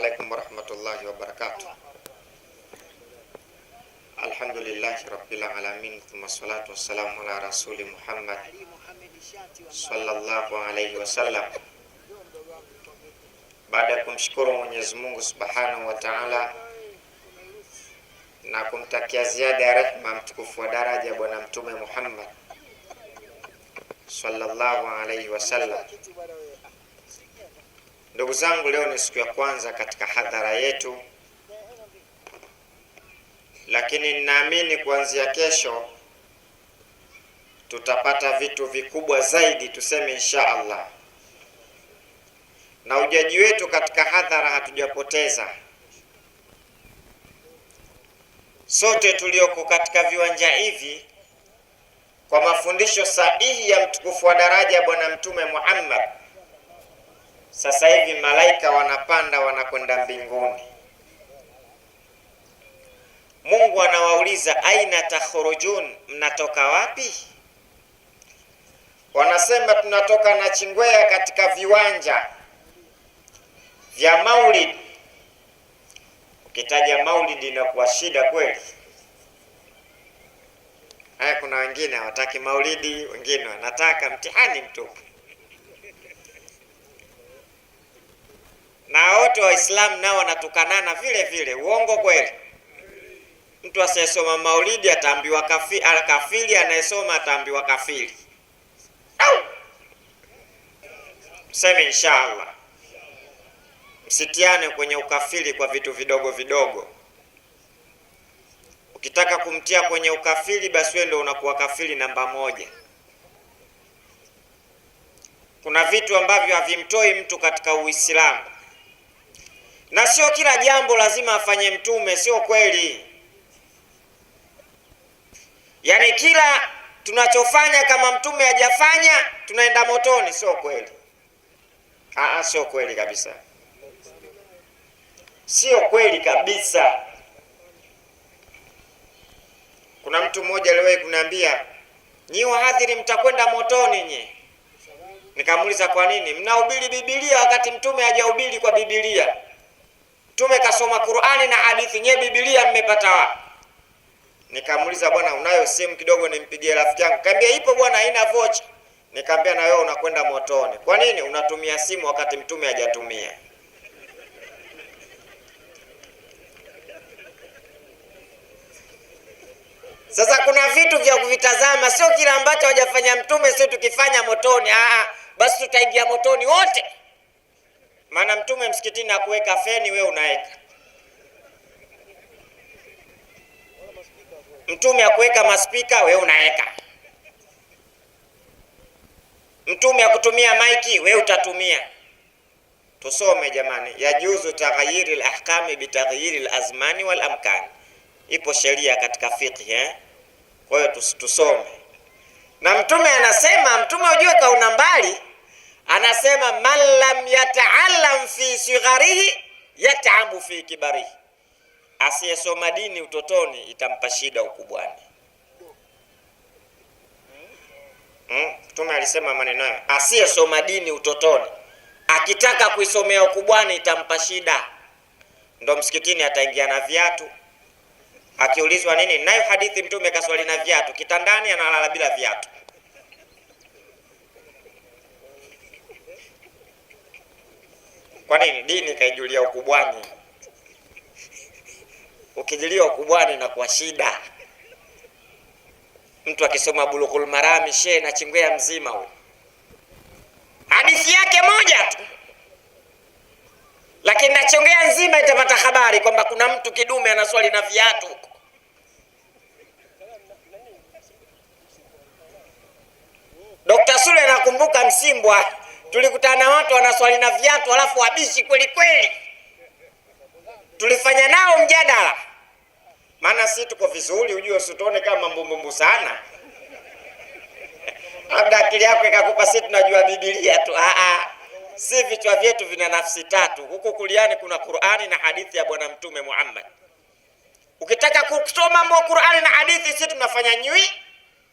alaikum warahmatullahi wabarakatuh alhamdulillahi rabbil alamin thumma salatu wassalamu ala rasuli muhammad sallallahu alaihi wasallam baada ya kumshukuru mwenyezi mungu subhanahu wa taala na kumtakia ziada ya rehma mtukufu wa daraja bwana mtume muhammad sallallahu alaihi wasallam Ndugu zangu, leo ni siku ya kwanza katika hadhara yetu, lakini ninaamini kuanzia kesho tutapata vitu vikubwa zaidi, tuseme insha Allah. Na ujaji wetu katika hadhara hatujapoteza, sote tulioko katika viwanja hivi kwa mafundisho sahihi ya mtukufu wa daraja Bwana Mtume Muhammad sasa hivi malaika wanapanda wanakwenda mbinguni. Mungu anawauliza aina takhurujun, mnatoka wapi? Wanasema tunatoka na Chingwea katika viwanja vya Maulid. Ukitaja Maulid inakuwa shida kweli. Haya, kuna wengine hawataki Maulidi, wengine wanataka, mtihani mtupu. na wote Waislamu nao wanatukanana vile vile. Uongo kweli? Mtu asiyesoma maulidi ataambiwa kafiri, kafiri anayesoma ataambiwa kafiri. Mseme inshallah msitiane kwenye ukafiri kwa vitu vidogo vidogo. Ukitaka kumtia kwenye ukafiri, basi wewe ndio unakuwa kafiri namba moja. Kuna vitu ambavyo havimtoi mtu katika Uislamu na sio kila jambo lazima afanye mtume, sio kweli. Yaani kila tunachofanya kama mtume hajafanya tunaenda motoni, sio kweli. Ah, sio kweli kabisa, sio kweli kabisa. Kuna mtu mmoja aliwahi kuniambia, nyi wahadhiri mtakwenda motoni nye. Nikamuuliza, kwa nini mnahubiri Biblia wakati mtume hajahubiri kwa Biblia? Mtume kasoma Qur'ani na hadithi, nye Biblia mmepata wapi? Nikamuuliza, bwana, unayo simu kidogo nimpigie rafiki yangu? Kaambia ipo bwana, haina vocha. Nikaambia na wewe unakwenda motoni. Kwa nini unatumia simu wakati mtume hajatumia? Sasa kuna vitu vya kuvitazama, sio kila ambacho hajafanya mtume sio tukifanya motoni. Ah, basi tutaingia motoni wote. Maana mtume msikitini akuweka feni, we unaweka mtume akuweka maspika, we unaweka mtume akutumia maiki, we utatumia. Tusome jamani, yajuzu taghyiri lahkami bitaghyiri lazmani wal Ipo sheria katika fiqh eh? Kwa hiyo tusome na mtume anasema, mtume ujue kauna mbali anasema man lam yataallam fi sigharihi yatabu fi kibarihi, asiyesoma dini utotoni itampa shida ukubwani. Hmm? Hmm? Mtume hmm, alisema maneno hayo, asiyesoma dini utotoni akitaka kuisomea ukubwani itampa shida. Ndo msikitini ataingia na viatu, akiulizwa nini nayo hadithi, mtume kaswali na viatu kitandani, analala bila viatu Kwa nini dini kaijulia ukubwani? Ukijulia ukubwani na kwa shida, mtu akisoma Bulughul Maram she na chingwea mzima huyo, hadithi yake moja tu, lakini nachongea nzima itapata habari kwamba kuna mtu kidume anaswali na viatu huko. Sule anakumbuka Msimbwa tulikutana watu wanaswali na viatu halafu wabishi kweli kweli, tulifanya nao mjadala. Maana si tuko vizuri, ujue usitone kama mbumbumbu sana, labda akili yako ikakupa si tunajua Biblia tu. Aa, ah, ah. si vichwa vyetu vina nafsi tatu. Huku kuliani kuna Qur'ani na hadithi ya Bwana Mtume Muhammad. Ukitaka kusoma mambo Qur'ani na hadithi, si tunafanya nywi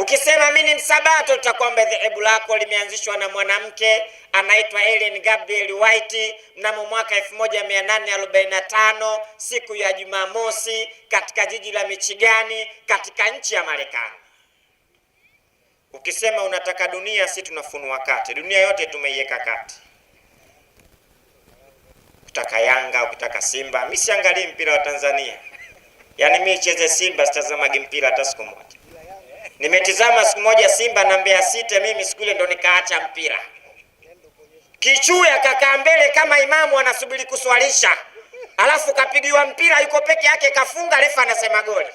Ukisema mimi ni msabato, tutakwamba dhehebu lako limeanzishwa na mwanamke anaitwa Ellen Gabriel White mnamo mwaka 1845 siku ya Jumamosi katika jiji la Michigani katika nchi ya Marekani. Ukisema unataka dunia, si tunafunua kati, dunia yote tumeiweka kati. Ukitaka Yanga, ukitaka Simba, mi siangalii mpira wa Tanzania, yaani mi cheze Simba, sitazama mpira hata siku moja. Nimetizama siku moja Simba na Mbeya City, mimi siku ile ndo nikaacha mpira. Kichuya akakaa mbele kama imamu anasubiri kuswalisha, alafu kapigiwa mpira, yuko peke yake, kafunga, refa anasema goli.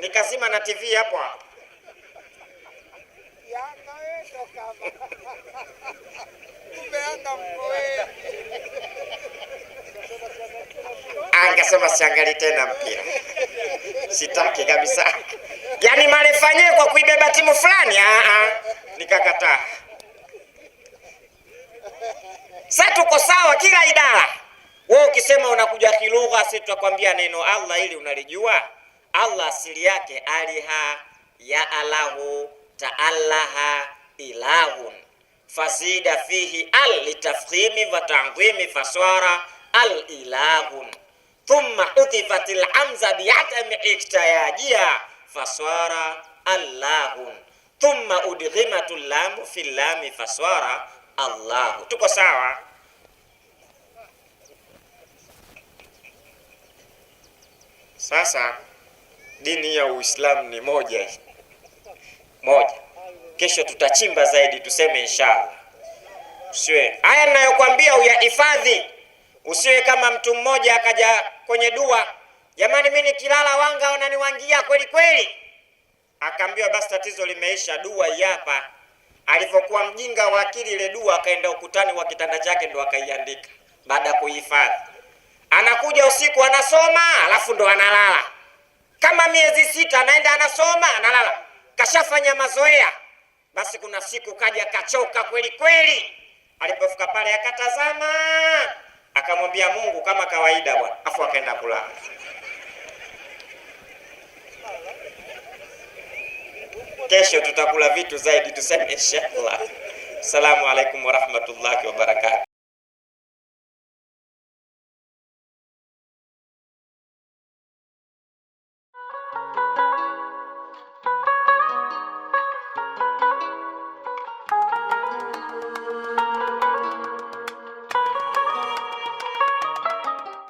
Nikazima na TV hapo hapo. Angasema ah, siangali tena mpira, sitaki kabisa yani malefanye kwa kuibeba timu fulani, ah, ah. nikakataa. Sasa tuko sawa kila idara. Wewe ukisema unakuja kilugha, si tutakwambia neno Allah ili unalijua. Allah asili yake aliha ya alahu taallaha ilahun fazida fihi al litafkhimi wa ta'dhimi faswara al ilahun thumma utifat al hamza iktayajia faswara allahun thumma udghimatu lamu fi lami faswara allahu. Tuko sawa? Sasa dini ya Uislamu ni moja moja. Kesho tutachimba zaidi, tuseme inshallah. Usiwe haya ninayokuambia uyahifadhi, usiwe kama mtu mmoja akaja kwenye dua Jamani, mimi nikilala wanga wananiwangia kweli kweli. Akaambiwa basi tatizo limeisha, dua hapa. Alivyokuwa mjinga wa akili, ile dua akaenda ukutani wa kitanda chake ndo akaiandika baada ya kuhifadhi. Anakuja usiku anasoma, alafu ndo analala kama miezi sita, anaenda anasoma, analala, kashafanya mazoea. Basi kuna siku kaja kachoka kweli kweli, alipofika pale akatazama, akamwambia Mungu kama kawaida bwana, afu akaenda kulala. Kesho tutakula vitu zaidi, tuseme inshallah. Assalamu alaikum warahmatullahi wabarakatuh.